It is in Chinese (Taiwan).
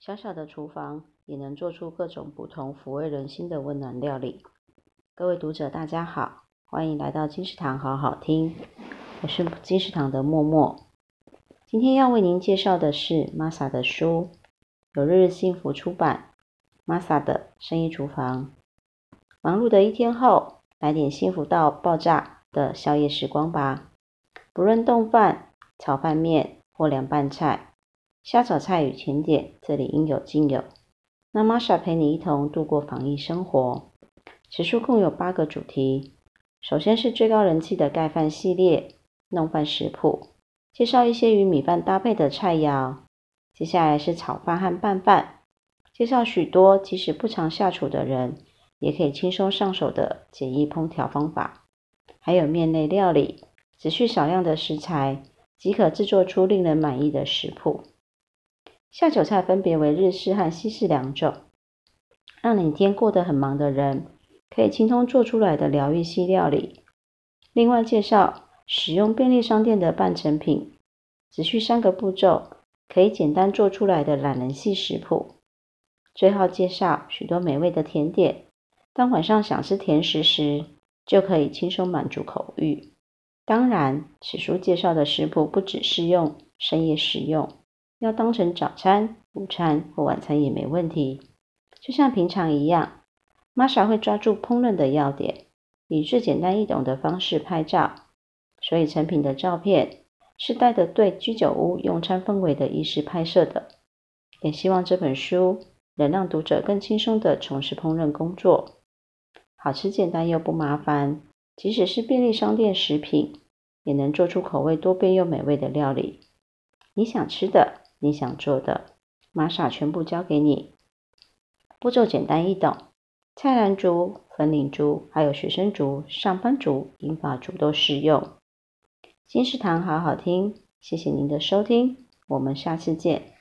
小小的廚房也能做出各種不同撫慰人心的溫暖料理。各位讀者，大家好，歡迎來到金石堂好好聽，我是金石堂的默默。今天要為您介紹的是 MASA 的書，由日日幸福出版。MASA 的深夜廚房，忙碌的一天後，來點幸福到爆炸的宵夜時光吧。不論燉飯、炒飯麵或涼拌菜。下酒菜與甜點，這裡應有盡有。那 MASA 陪你一同度過防疫生活。此書共有八個主題，首先是最高人氣的蓋飯系列，弄飯食譜，介紹一些與米飯搭配的菜肴。接下來是炒飯和拌飯，介紹許多即使不常下廚的人，也可以輕鬆上手的簡易烹調方法。還有面類料理，只需少量的食材，即可制作出令人滿意的食譜。下酒菜分別為日式和西式兩種，讓每天過得很忙的人可以輕鬆做出來的療癒系料理。另外介紹使用便利商店的半成品，只需三個步驟，可以簡單做出來的懶人系食譜。最後介紹許多美味的甜點，當晚上想吃甜食時，就可以輕鬆滿足口欲。當然，此書介紹的食譜不只適用深夜食用。要當成早餐、午餐或晚餐也沒問題，就像平常一樣，MASA 會抓住烹飪的要點，以最簡單易懂的方式拍照，所以成品的照片是帶着對居酒屋用餐氛圍的意識拍攝的。也希望這本書能讓讀者更輕鬆地從事烹飪工作，好吃簡單又不麻煩，即使是便利商店食品，也能做出口味多變又美味的料理。你想吃的，你想做的，瑪莎全部交給你，步驟簡單易懂，菜籃族、粉領族、還有學生族、上班族、銀髮族都適用。金石堂好好聽，謝謝您的收聽，我們下次見。